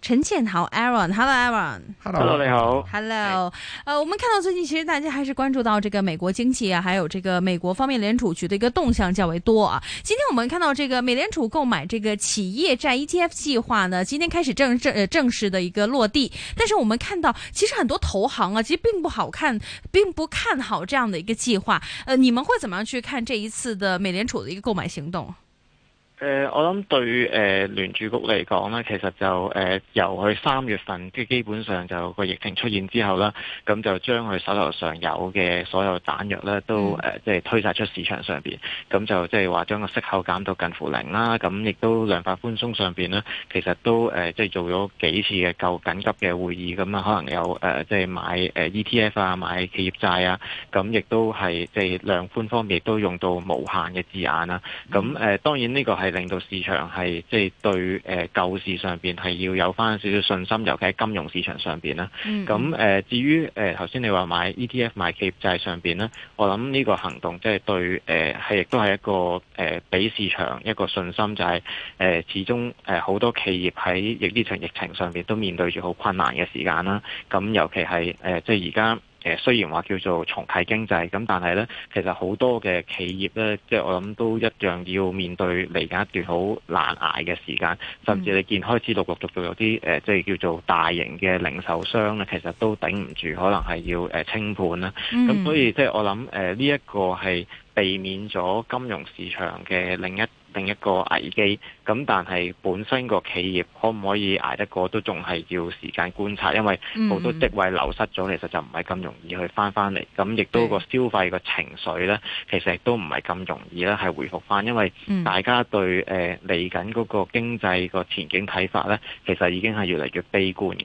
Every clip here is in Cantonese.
陳健豪，Aaron，Hello，Aaron，Hello，Hello 你好，Hello，呃，我們看到最近其實大家還是關注到這個美國經濟啊，還有這個美國方面聯儲局的一個動向較為多啊。今天我們看到這個美聯儲購買這個企業債 ETF 計劃呢，今天開始正正、呃、正式的一個落地，但是我們看到其實很多投行啊，其實並不好看，並不看好這樣的一個計劃。呃，你們會怎麼樣去看這一次的美聯儲的一個購買行動？誒、呃，我諗對誒聯儲局嚟講咧，其實就誒、呃、由佢三月份即係基本上就個疫情出現之後啦，咁就將佢手頭上有嘅所有彈藥咧都誒、呃、即係推晒出市場上邊，咁就即係話將個息口減到近乎零啦，咁亦都量化寬鬆上邊咧，其實都誒、呃、即係做咗幾次嘅夠緊急嘅會議，咁啊可能有誒、呃、即係買誒 ETF 啊，買企業債啊，咁亦都係即係量寬方面亦都用到無限嘅字眼啦，咁誒、呃、當然呢個係令到市場係即係對誒、呃、舊市上邊係要有翻少少信心，尤其喺金融市場上邊啦。咁誒、嗯呃，至於誒頭先你話買 ETF 買企業債上邊咧，我諗呢個行動即係對誒係、呃、亦都係一個誒俾、呃、市場一個信心，就係、是、誒、呃、始終誒好多企業喺疫呢場疫情上邊都面對住好困難嘅時間啦。咁、啊、尤其係誒、呃、即係而家。誒雖然話叫做重啟經濟，咁但係咧，其實好多嘅企業咧，即係我諗都一樣要面對嚟緊一段好難捱嘅時間，甚至你見開始陸陸陸續續有啲誒、呃，即係叫做大型嘅零售商咧，其實都頂唔住，可能係要誒清盤啦。咁、嗯、所以即係我諗誒，呢、呃、一、呢個係。避免咗金融市場嘅另一另一個危機，咁但係本身個企業可唔可以捱得過，都仲係要時間觀察，因為好多職位流失咗，其實就唔係咁容易去返返嚟。咁亦都個消費個情緒呢，其實亦都唔係咁容易咧，係回復返，因為大家對誒嚟緊嗰個經濟個前景睇法呢，其實已經係越嚟越悲觀嘅。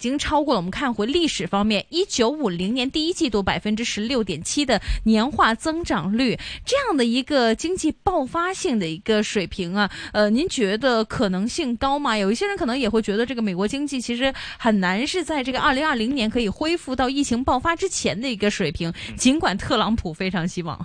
已經超過了，我們看回歷史方面，一九五零年第一季度百分之十六點七的年化增長率，這樣的一個經濟爆發性的一個水平啊，呃，您覺得可能性高嗎？有一些人可能也會覺得，這個美國經濟其實很難是在這個二零二零年可以恢復到疫情爆發之前的一個水平，盡管特朗普非常希望。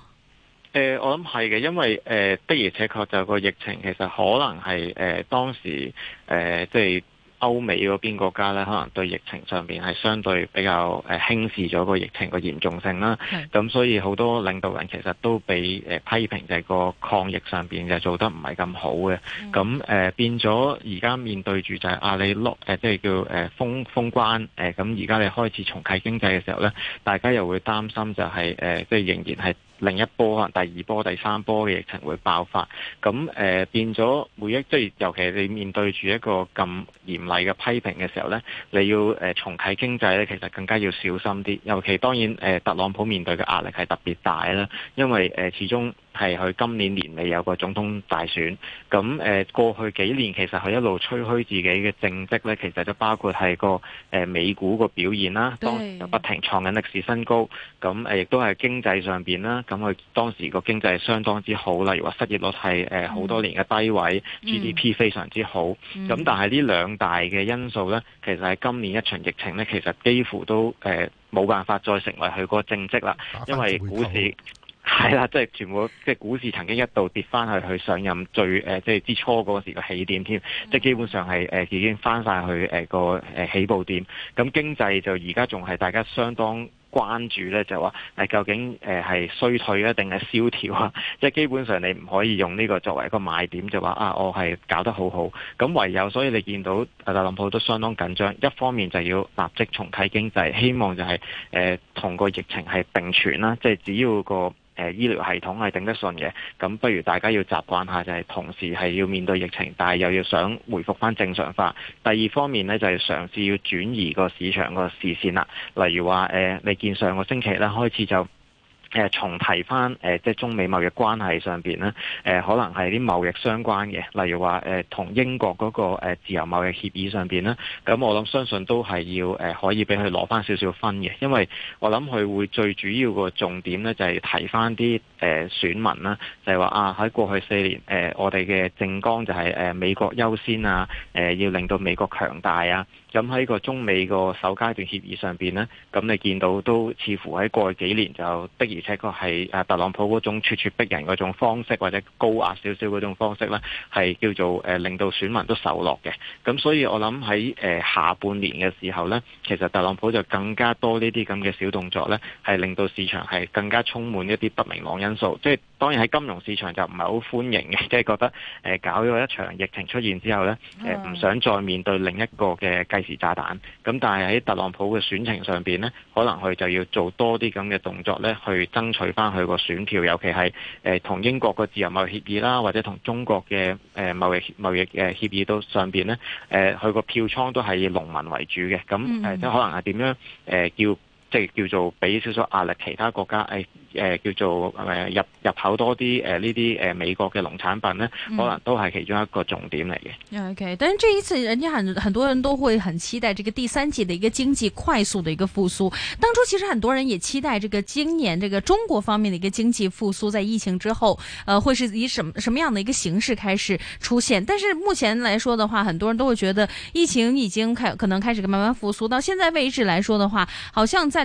誒、呃，我諗係嘅，因為誒、呃、的而且確就個疫情其實可能係、呃、當時誒即係。呃即係歐美嗰邊國家咧，可能對疫情上邊係相對比較誒輕視咗個疫情個嚴重性啦。咁的所以好多領導人其實都俾誒批評，就係個抗疫上邊就做得唔係咁好嘅。咁誒的變咗而家面對住就係阿里 lock 誒，即係叫誒封封關誒。咁而家你開始重啟經濟嘅時候咧，大家又會擔心就係誒，即係仍然係。另一波可能第二波、第三波嘅疫情會爆發，咁誒、呃、變咗每一，即、就、係、是、尤其你面對住一個咁嚴厲嘅批評嘅時候咧，你要誒、呃、重啟經濟咧，其實更加要小心啲。尤其當然誒、呃，特朗普面對嘅壓力係特別大啦，因為誒、呃、始終。係佢今年年尾有個總統大選，咁誒、呃、過去幾年其實佢一路吹嘘自己嘅政績呢，其實都包括係個誒、呃、美股個表現啦，當時就不停創緊歷史新高，咁誒亦都係經濟上邊啦，咁佢當時個經濟相當之好啦，例如話失業率係誒好多年嘅低位，嗯、GDP 非常之好，咁、嗯嗯、但係呢兩大嘅因素呢，其實喺今年一場疫情呢，其實幾乎都誒冇、呃、辦法再成為佢個政績啦，因為股市。係啦，即係全部，即係股市曾經一度跌翻去去上任最誒、呃，即係之初嗰時個起點添，即係基本上係誒、呃、已經翻晒去誒個誒起步點。咁經濟就而家仲係大家相當關注咧，就話誒究竟誒係、呃、衰退啊，定係蕭條啊？即係基本上你唔可以用呢個作為一個賣點，就，就話啊我係搞得好好。咁唯有所以你見到阿特朗普都相當緊張，一方面就要立即重啟經濟，希望就係誒同個疫情係並存啦。即係只要個誒醫療系統係頂得順嘅，咁不如大家要習慣下，就係、是、同時係要面對疫情，但係又要想回復翻正常化。第二方面呢，就係、是、嘗試要轉移個市場個視線啦，例如話誒、呃，你見上個星期咧開始就。誒、呃、重提翻誒、呃、即係中美貿易關係上邊咧，誒、呃、可能係啲貿易相關嘅，例如話誒同英國嗰、那個、呃、自由貿易協議上邊咧，咁、呃、我諗相信都係要誒、呃、可以俾佢攞翻少少分嘅，因為我諗佢會最主要個重點咧就係、是、提翻啲誒選民啦，就係、是、話啊喺過去四年誒、呃、我哋嘅政綱就係誒美國優先啊，誒、呃、要令到美國強大啊。咁喺個中美個首階段協議上邊呢，咁你見到都似乎喺過去幾年就的而且確係誒特朗普嗰種咄咄逼人嗰種方式，或者高壓少少嗰種方式呢，係叫做誒令到選民都受落嘅。咁所以我諗喺誒下半年嘅時候呢，其實特朗普就更加多呢啲咁嘅小動作呢，係令到市場係更加充滿一啲不明朗因素。即係當然喺金融市場就唔係好歡迎嘅，即係覺得誒搞咗一場疫情出現之後呢，誒唔、嗯、想再面對另一個嘅計時炸彈，咁但係喺特朗普嘅選情上邊咧，可能佢就要做多啲咁嘅動作咧，去爭取翻佢個選票，尤其係誒同英國個自由貿易協議啦，或者同中國嘅誒、呃、貿易貿易誒協議到上邊咧，誒佢個票倉都係以農民為主嘅，咁誒、呃、即可能係點樣誒、呃、叫？即係叫做俾少少壓力，其他國家誒誒叫做誒入入口多啲誒呢啲誒美國嘅農產品呢，可能都係其中一個重點嚟嘅。OK，但係這一次，人家很很多人都會很期待這個第三季嘅一個經濟快速嘅一個復甦。當初其實很多人也期待這個今年這個中國方面嘅一個經濟復甦，在疫情之後，呃，會是以什麼什麼樣嘅一個形式開始出現？但是目前來說的話，很多人都會覺得疫情已經開可能開始慢慢復甦。到現在為止來說的話，好像在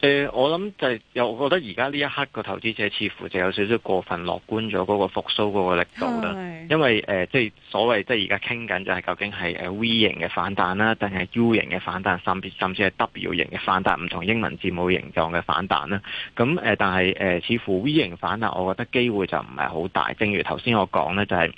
誒，我諗就係又我覺得而家呢一刻個投資者似乎就有少少過分樂觀咗嗰個復蘇嗰個力度啦。啊、因為誒、呃，即係所謂即係而家傾緊就係究竟係誒 V 型嘅反彈啦，定係 U 型嘅反彈，甚甚至係 W 型嘅反彈，唔同英文字母形狀嘅反彈啦。咁、嗯、誒、呃，但係誒、呃，似乎 V 型反彈，我覺得機會就唔係好大。正如頭先我講咧、就係，就係。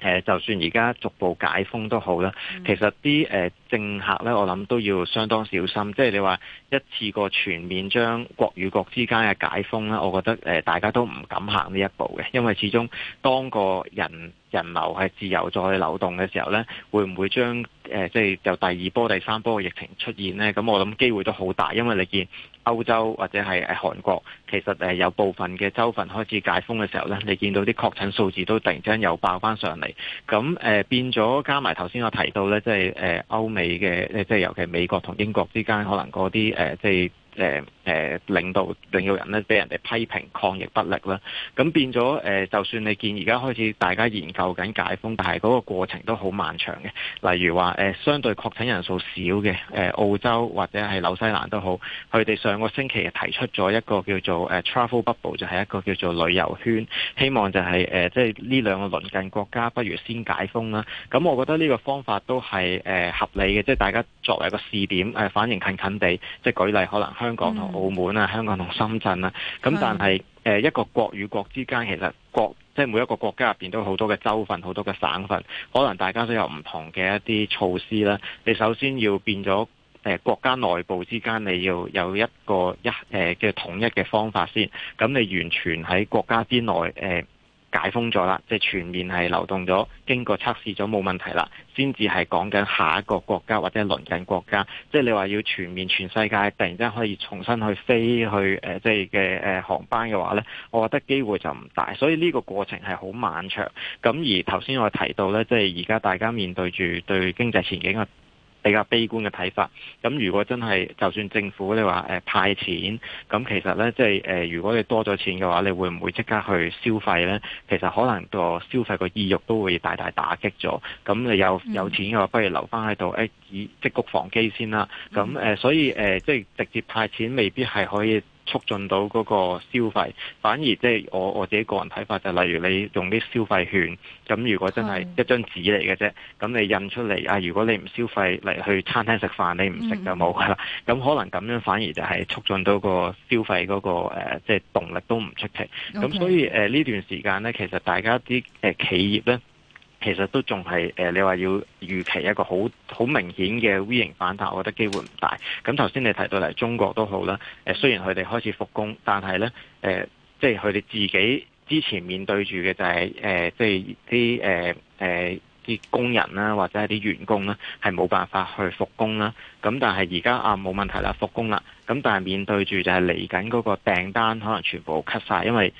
誒，就算而家逐步解封都好啦，其實啲誒政客咧，我諗都要相當小心。即係你話一次過全面將國與國之間嘅解封咧，我覺得誒，大家都唔敢行呢一步嘅，因為始終當個人。人流係自由再去流動嘅時候呢，會唔會將誒即係就第二波、第三波嘅疫情出現呢？咁我諗機會都好大，因為你見歐洲或者係誒韓國其實誒有部分嘅州份開始解封嘅時候呢，你見到啲確診數字都突然間又爆翻上嚟，咁誒、呃、變咗加埋頭先我提到呢，即係誒歐美嘅，即、就、係、是、尤其美國同英國之間可能嗰啲誒即係誒。呃就是呃誒領導領導人呢，俾人哋批評抗疫不力啦，咁變咗誒、呃，就算你見而家開始大家研究緊解封，但係嗰個過程都好漫長嘅。例如話誒、呃，相對確診人數少嘅誒、呃，澳洲或者係紐西蘭都好，佢哋上個星期提出咗一個叫做誒 travel bubble，就係一個叫做旅遊圈，希望就係、是、誒，即係呢兩個鄰近國家不如先解封啦。咁我覺得呢個方法都係誒、呃、合理嘅，即、就、係、是、大家作為一個試點，誒反應近近地，即、就、係、是、舉例，可能香港同。澳門啊、香港同深圳啦、啊，咁但係誒一個國與國之間，其實國即係、就是、每一個國家入邊都有好多嘅州份、好多嘅省份，可能大家都有唔同嘅一啲措施啦。你首先要變咗誒國家內部之間，你要有一個一誒嘅統一嘅方法先。咁你完全喺國家之內誒，解封咗啦，即係全面係流動咗，經過測試咗冇問題啦，先至係講緊下一個國家或者係鄰近國家，即係你話要全面全世界突然之間可以重新去飛去誒、呃，即係嘅誒航班嘅話呢，我覺得機會就唔大，所以呢個過程係好漫長。咁而頭先我提到呢，即係而家大家面對住對經濟前景啊。比較悲觀嘅睇法，咁如果真係就算政府你話誒、呃、派錢，咁其實呢，即係誒，如果你多咗錢嘅話，你會唔會即刻去消費呢？其實可能個消費個意欲都會大大打擊咗。咁你有有錢嘅話，不如留返喺度誒，以、欸、積穀防饑先啦。咁誒、呃，所以誒，即、呃、係直接派錢未必係可以。促進到嗰個消費，反而即係我我自己個人睇法，就例如你用啲消費券，咁如果真係一張紙嚟嘅啫，咁你印出嚟啊，如果你唔消費嚟去餐廳食飯，你唔食就冇噶啦。咁、嗯、可能咁樣反而就係促進到個消費嗰、嗰個即係、呃即係、動力都唔出奇。咁、嗯、所以誒呢、呃、段時間呢，其實大家啲誒、呃、企業呢。其實都仲係誒，你話要預期一個好好明顯嘅 V 型反彈，我覺得機會唔大。咁頭先你提到嚟中國都好啦，誒、呃、雖然佢哋開始復工，但係呢，誒、呃，即係佢哋自己之前面對住嘅就係、是、誒，即係啲誒誒啲工人啦，或者係啲員工啦，係冇辦法去復工啦。咁、嗯、但係而家啊冇問題啦，復工啦。咁但係面對住就係嚟緊嗰個訂單可能全部 cut 曬，因為誒、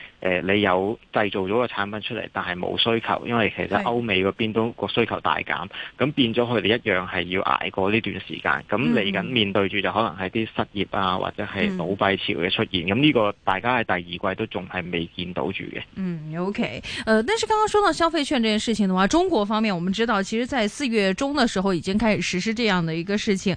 呃、你有製造咗個產品出嚟，但係冇需求，因為其實歐美嗰邊都個需求大減，咁是變咗佢哋一樣係要捱過呢段時間。咁嚟緊面對住就可能係啲失業啊，或者係倒閉潮嘅出現。咁呢、嗯、個大家係第二季都仲係未見到住嘅。嗯，OK。誒、呃，但是剛剛講到消費券呢件事情嘅話，中國方面，我們知道其實在四月中的時候已經開始實施這樣的一個事情。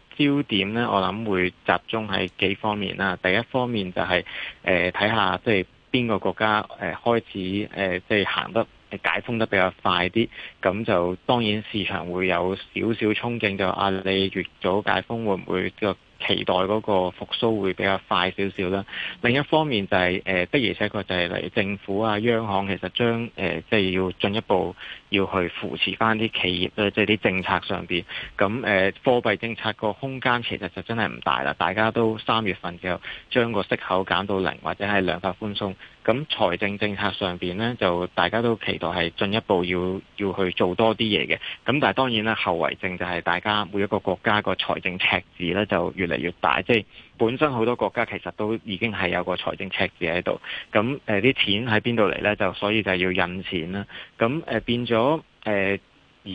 焦點咧，我諗會集中喺幾方面啦。第一方面就係、是、誒，睇下即係邊個國家誒、呃、開始誒、即、呃、係、就是、行得解封得比較快啲，咁就當然市場會有少少憧憬，就話、啊、你越早解封會唔會個、就是、期待嗰個復蘇會比較快少少啦。另一方面就係、是、誒、呃，的而且確就係嚟政府啊、央行，其實將誒即係要進一步。要去扶持翻啲企業，咧，即係啲政策上邊。咁誒貨幣政策個空間其實就真係唔大啦。大家都三月份就將個息口減到零，或者係量化寬鬆。咁財政政策上邊呢，就大家都期待係進一步要要去做多啲嘢嘅。咁但係當然啦，後遺症就係大家每一個國家個財政赤字咧就越嚟越大，即係。本身好多國家其實都已經係有個財政赤字喺度，咁誒啲錢喺邊度嚟呢？就所以就要印錢啦。咁誒、呃、變咗誒，而、呃、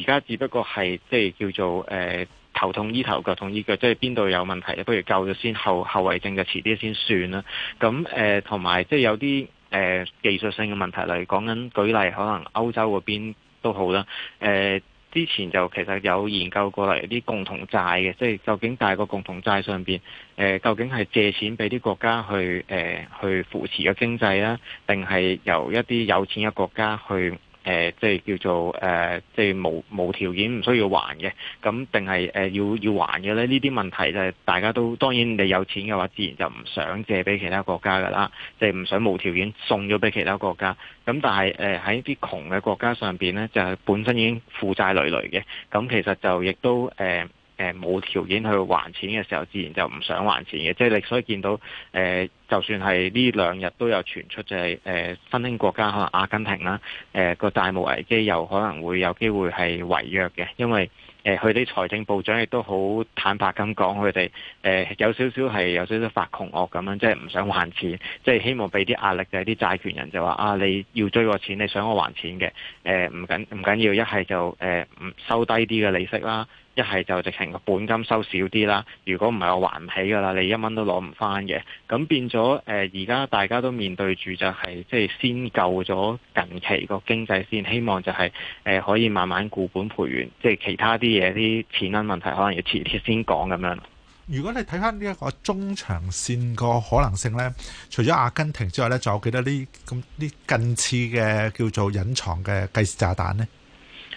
家只不過係即係叫做誒、呃、頭痛醫頭，腳痛醫腳，即係邊度有問題咧，不如救咗先，後後遺症就遲啲先算啦。咁誒同埋即係有啲誒、呃、技術性嘅問題，例如講緊，舉例可能歐洲嗰邊都好啦，誒、呃。之前就其實有研究過嚟啲共同債嘅，即係究竟大個共同債上邊誒、呃，究竟係借錢俾啲國家去誒、呃，去扶持個經濟啦，定係由一啲有錢嘅國家去？誒，即係、呃就是、叫做誒，即、呃、係、就是、無無條件唔需要還嘅，咁定係誒要要還嘅咧？呢啲問題就係大家都當然，你有錢嘅話，自然就唔想借俾其他國家噶啦，即係唔想無條件送咗俾其他國家。咁、呃、但係誒喺啲窮嘅國家上邊咧，就係、本身已經負債累累嘅，咁、呃、其實就亦都誒。呃誒冇條件去還錢嘅時候，自然就唔想還錢嘅。即係你所以見到誒、呃，就算係呢兩日都有傳出，就係、是、誒、呃、新興國家可能阿根廷啦，誒個債務危機又可能會有機會係違約嘅，因為誒佢哋財政部長亦都好坦白咁講，佢哋誒有少少係有少少發窮惡咁樣，即係唔想還錢，即係希望俾啲壓力就係啲債權人就話啊，你要追我錢，你想我還錢嘅誒，唔緊唔緊要，緊要緊，一係就誒唔收低啲嘅利息啦。一係就直情個本金收少啲啦，如果唔係我還唔起㗎啦，你一蚊都攞唔翻嘅。咁變咗誒，而家大家都面對住就係即係先救咗近期個經濟先，希望就係誒可以慢慢固本培元，即係其他啲嘢啲錢銀問題可能要遲啲先講咁樣。如果你睇翻呢一個中長線個可能性咧，除咗阿根廷之外咧，仲有幾多呢？咁啲近次嘅叫做隱藏嘅計時炸彈咧？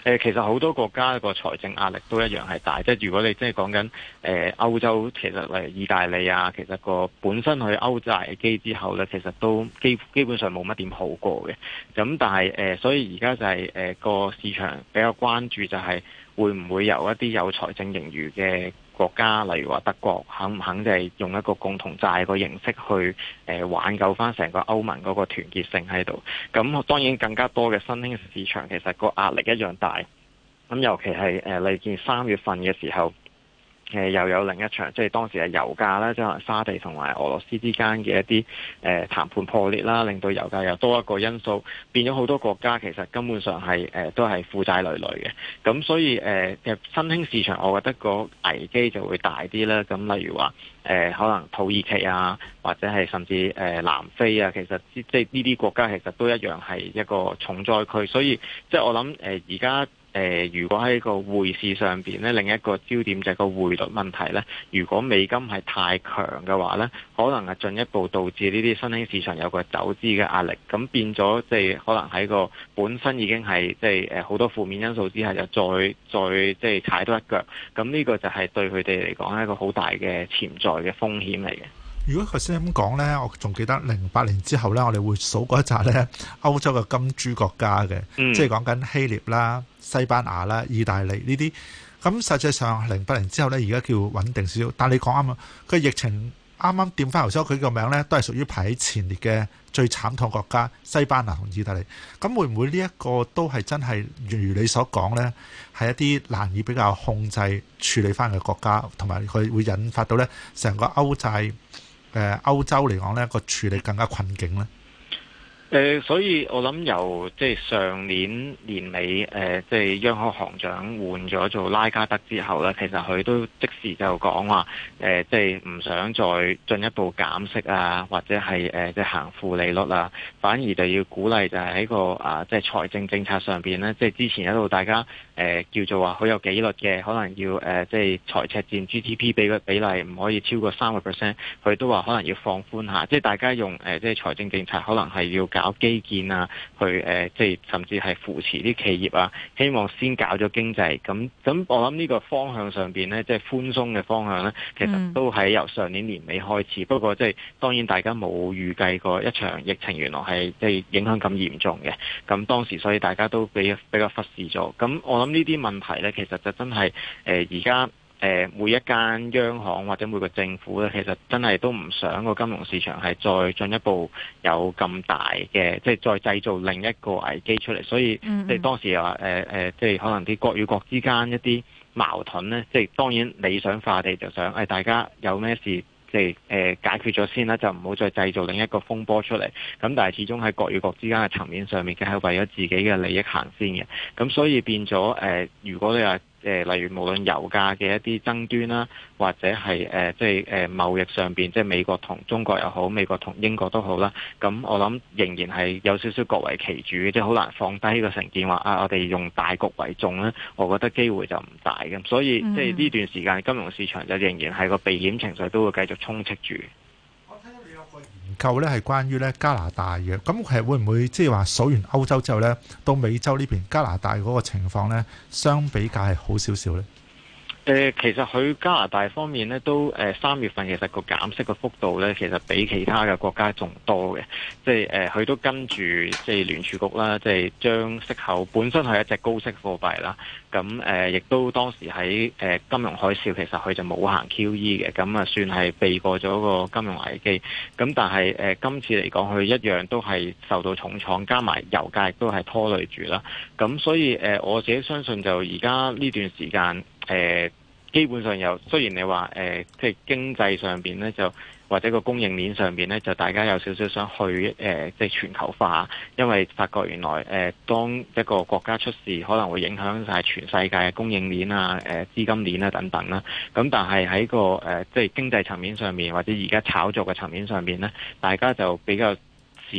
誒、呃、其實好多國家個財政壓力都一樣係大，即係如果你即係講緊誒歐洲，其實例如意大利啊，其實個本身去歐債危機之後呢，其實都基基本上冇乜點好過嘅。咁、嗯、但係誒、呃，所以而家就係誒個市場比較關注就係會唔會有一啲有財政盈餘嘅，國家例如話德國肯唔肯就係用一個共同債個形式去誒、呃、挽救翻成個歐盟嗰個團結性喺度，咁當然更加多嘅新興市場其實個壓力一樣大，咁尤其係誒嚟見三月份嘅時候。誒又有另一場，即係當時係油價啦，即係沙地同埋俄羅斯之間嘅一啲誒談判破裂啦，令到油價又多一個因素，變咗好多國家其實根本上係誒都係負債累累嘅。咁所以誒新興市場，我覺得個危機就會大啲啦。咁例如話誒可能土耳其啊，或者係甚至誒南非啊，其實即係呢啲國家其實都一樣係一個重災區。所以即係我諗誒而家。誒、呃，如果喺個匯市上邊咧，另一個焦點就係個匯率問題咧。如果美金係太強嘅話咧，可能係進一步導致呢啲新興市場有個走資嘅壓力。咁變咗，即係可能喺個本身已經係即係誒好多負面因素之下，就再再即係踩多一腳。咁呢個就係對佢哋嚟講一個好大嘅潛在嘅風險嚟嘅。如果頭先咁講呢，我仲記得零八年之後呢，我哋會數過一紮呢歐洲嘅金豬國家嘅，嗯、即係講緊希臘啦、西班牙啦、意大利呢啲。咁、嗯、實際上零八年之後呢，而家叫穩定少少。但你講啱啊，個疫情啱啱掂翻頭先，佢個名呢都係屬於排喺前列嘅最慘痛國家，西班牙同意大利。咁、嗯、會唔會呢一個都係真係如你所講呢，係一啲難以比較控制處理翻嘅國家，同埋佢會引發到呢成個歐債。誒歐洲嚟講咧，個處理更加困境啦。誒、呃，所以我諗由即係上年年尾，誒、呃，即係央行行長換咗做拉加德之後咧，其實佢都即時就講話，誒、呃，即係唔想再進一步減息啊，或者係誒、呃，即係行負利率啊，反而就要鼓勵就喺個啊、呃，即係財政政策上邊咧，即係之前一路大家誒、呃、叫做話好有紀律嘅，可能要誒、呃，即係財赤佔 GDP 比個比例唔可以超過三個 percent，佢都話可能要放寬下，即係大家用誒、呃，即係財政政策可能係要搞基建啊，去誒，即係甚至係扶持啲企業啊，希望先搞咗經濟。咁咁，我諗呢個方向上邊呢，即係寬鬆嘅方向呢，其實都喺由上年年尾開始。不過即係當然大家冇預計過一場疫情，原來係即係影響咁嚴重嘅。咁當時所以大家都比較比較忽視咗。咁我諗呢啲問題呢，其實就真係誒而家。呃誒每一間央行或者每個政府咧，其實真係都唔想個金融市場係再進一步有咁大嘅，即係再製造另一個危機出嚟。所以你當時又話誒誒，即係可能啲國與國之間一啲矛盾咧，即係當然理想化地就想，誒、哎、大家有咩事即係誒解決咗先啦，就唔好再製造另一個風波出嚟。咁但係始終喺國與國之間嘅層面上面，其實係為咗自己嘅利益行先嘅。咁所以變咗誒、呃，如果你話，誒，例如無論油價嘅一啲爭端啦，或者係誒、呃，即係誒、呃、貿易上邊，即係美國同中國又好，美國同英國都好啦。咁我諗仍然係有少少各為其主，即係好難放低個成見，話啊，我哋用大局為重咧。我覺得機會就唔大嘅，所以、mm hmm. 即係呢段時間金融市場就仍然係個避險情緒都會繼續充斥住。夠咧，係關於咧加拿大嘅，咁其實會唔會即係話數完歐洲之後咧，到美洲呢邊加拿大嗰個情況咧，相比較係好少少咧？誒、呃,其實佢加拿大方面咧都誒、呃、三月份其實個減息嘅幅度咧，其實比其他嘅國家仲多嘅。即係誒，佢、呃、都跟住即係聯儲局啦，即係將息口本身係一隻高息貨幣啦。咁誒、呃，亦都當時喺誒、呃、金融海嘯，其實佢就冇行 QE 嘅。咁啊，算係避過咗個金融危機。咁但係誒、呃、今次嚟講，佢一樣都係受到重創，加埋油價亦都係拖累住啦。咁所以誒、呃，我自己相信就而家呢段時間。誒基本上有，雖然你話，誒即係經濟上邊咧，就或者個供應鏈上邊咧，就大家有少少想去誒即係全球化，因為發覺原來誒當一個國家出事，可能會影響晒全世界嘅供應鏈啊、誒資金鏈啊等等啦。咁但係喺個誒即係經濟層面上面，或者而家炒作嘅層面上面咧，大家就比較。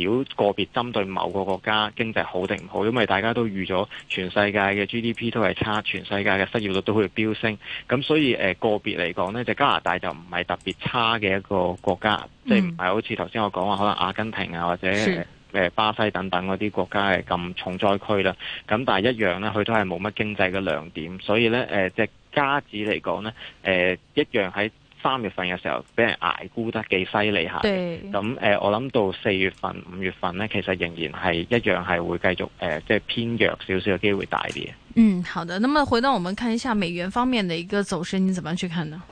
少個別針對某個國家經濟好定唔好，因為大家都預咗全世界嘅 GDP 都係差，全世界嘅失業率都會飆升，咁所以誒、呃、個別嚟講呢，就加拿大就唔係特別差嘅一個國家，嗯、即係唔係好似頭先我講話可能阿根廷啊或者是、呃、巴西等等嗰啲國家係咁重災區啦，咁但係一樣呢，佢都係冇乜經濟嘅亮點，所以呢，誒隻加紙嚟講呢誒、呃、一樣喺。三月份嘅時候俾人捱沽得幾犀利吓，咁誒對、嗯呃，我諗到四月份、五月份呢，其實仍然係一樣係會繼續誒、呃，即係偏弱少少嘅機會大啲。嗯，好的。那麼回到我們看一下美元方面的一個走勢，你怎麼樣去看呢？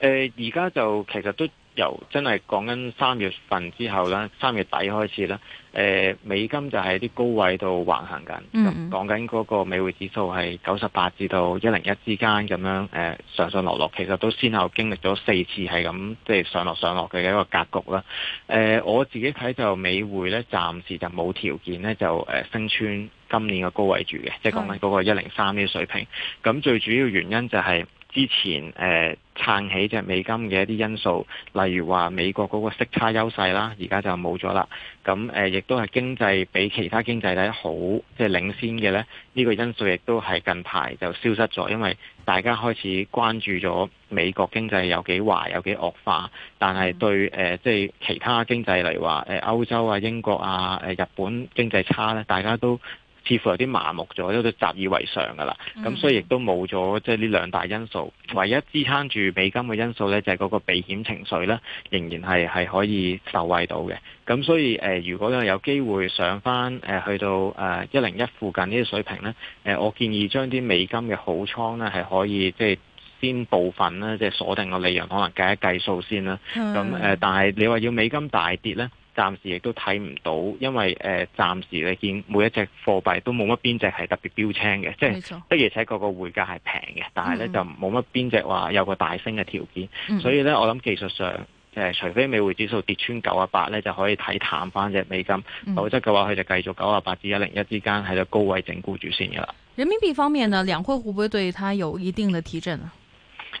而家、呃、就其實都。由真係講緊三月份之後啦，三月底開始啦，誒美金就喺啲高位度橫行緊，講緊嗰個美匯指數係九十八至到一零一之間咁樣誒上上落落，其實都先後經歷咗四次係咁即係上落上落嘅一個格局啦。誒、呃、我自己睇就美匯咧，暫時就冇條件咧就誒升穿今年嘅高位住嘅，即係講緊嗰個一零三呢水平。咁最主要原因就係、係。之前誒撐起隻美金嘅一啲因素，例如話美國嗰個息差優勢啦，而家就冇咗啦。咁誒亦都係經濟比其他經濟體好，即係領先嘅咧。呢個因素亦都係近排就消失咗，因為大家開始關注咗美國經濟有幾壞、有幾惡化。但係對誒即係其他經濟嚟話誒歐洲啊、英國啊、誒日本經濟差咧，大家都似乎有啲麻木咗，有啲習以為常噶啦，咁、嗯、所以亦都冇咗即係呢兩大因素。唯一支撐住美金嘅因素咧，就係、是、嗰個避險情緒咧，仍然係係可以受惠到嘅。咁所以誒、呃，如果有機會上翻誒、呃、去到誒一零一附近呢啲水平咧，誒、呃、我建議將啲美金嘅好倉咧係可以即係、就是、先部分咧即係鎖定個利潤，可能計一計數先啦。咁誒、嗯呃，但係你話要美金大跌咧？暫時亦都睇唔到，因為誒、呃、暫時你見每一隻貨幣都冇乜邊隻係特別標青嘅，冇錯、即係而且個個匯價係平嘅，但係咧、嗯、就冇乜邊隻話有個大升嘅條件，嗯、所以咧我諗技術上誒、呃、除非美匯指數跌穿九十八咧就可以睇淡翻隻美金，嗯、否則嘅話佢就繼續九十八至一零一之間喺度高位整固住先嘅啦、嗯嗯。人民幣方面呢，兩會會唔會對它有一定嘅提振啊？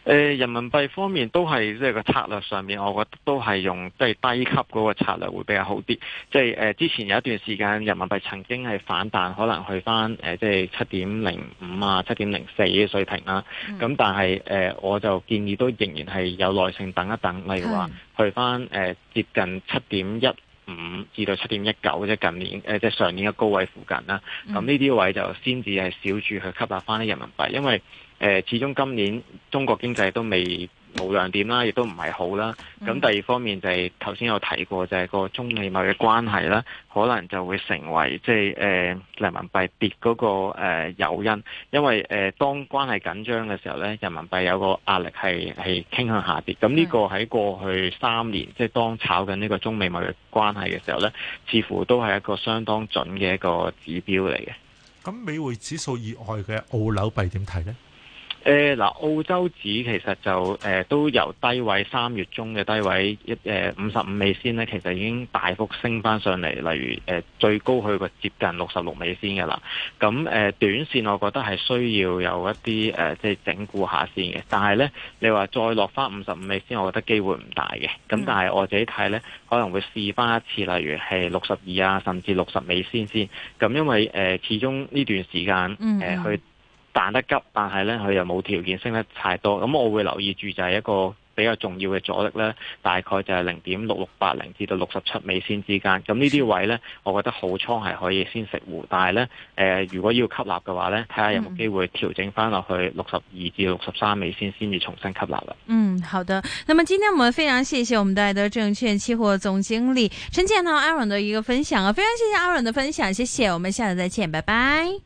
誒、呃、人民幣方面都係即係個策略上面，我覺得都係用即係、就是、低吸嗰個策略會比較好啲。即係誒之前有一段時間人民幣曾經係反彈，可能去翻誒即係七點零五啊、七點零四嘅水平啦。咁、嗯、但係誒、呃、我就建議都仍然係有耐性等一等，例如話去翻誒、呃、接近七點一五至到七點一九啫，近年誒即係上年嘅高位附近啦。咁呢啲位就先至係小注去吸納翻啲人民幣，因為。誒，始終今年中國經濟都未冇亮點啦，亦都唔係好啦。咁第二方面就係頭先有提過，就係、是、個中美貿易關係啦，可能就會成為即係誒人民幣跌嗰、那個誒誘、呃、因。因為誒、呃、當關係緊張嘅時候咧，人民幣有個壓力係係傾向下跌。咁呢個喺過去三年，即、就、係、是、當炒緊呢個中美貿易關係嘅時候咧，似乎都係一個相當準嘅一個指標嚟嘅。咁美匯指數以外嘅澳紐幣點睇咧？誒，嗱、呃，澳洲紙其實就誒、呃、都由低位三月中嘅低位，一誒五十五美仙咧，其實已經大幅升翻上嚟。例如誒、呃、最高去過接近六十六美仙嘅啦。咁誒、呃、短線我覺得係需要有一啲誒、呃、即係整固下先嘅。但係咧，你話再落翻五十五美仙，我覺得機會唔大嘅。咁但係我自己睇咧，可能會試翻一次，例如係六十二啊，甚至六十美仙先。咁因為誒始終呢段時間誒去。嗯呃彈得急，但係呢，佢又冇條件升得太多，咁我會留意住就係一個比較重要嘅阻力呢，大概就係零點六六八零至到六十七美仙之間，咁呢啲位呢，我覺得好倉係可以先食糊。但係呢，誒、呃、如果要吸納嘅話呢，睇下有冇機會調整翻落去六十二至六十三美仙先至重新吸納啦。嗯，好的，那麼今天我們非常謝謝我們德德證券期貨總經理陳健豪阿倫的一個分享啊，非常謝謝阿倫的分享，謝謝，我們下次再見，拜拜。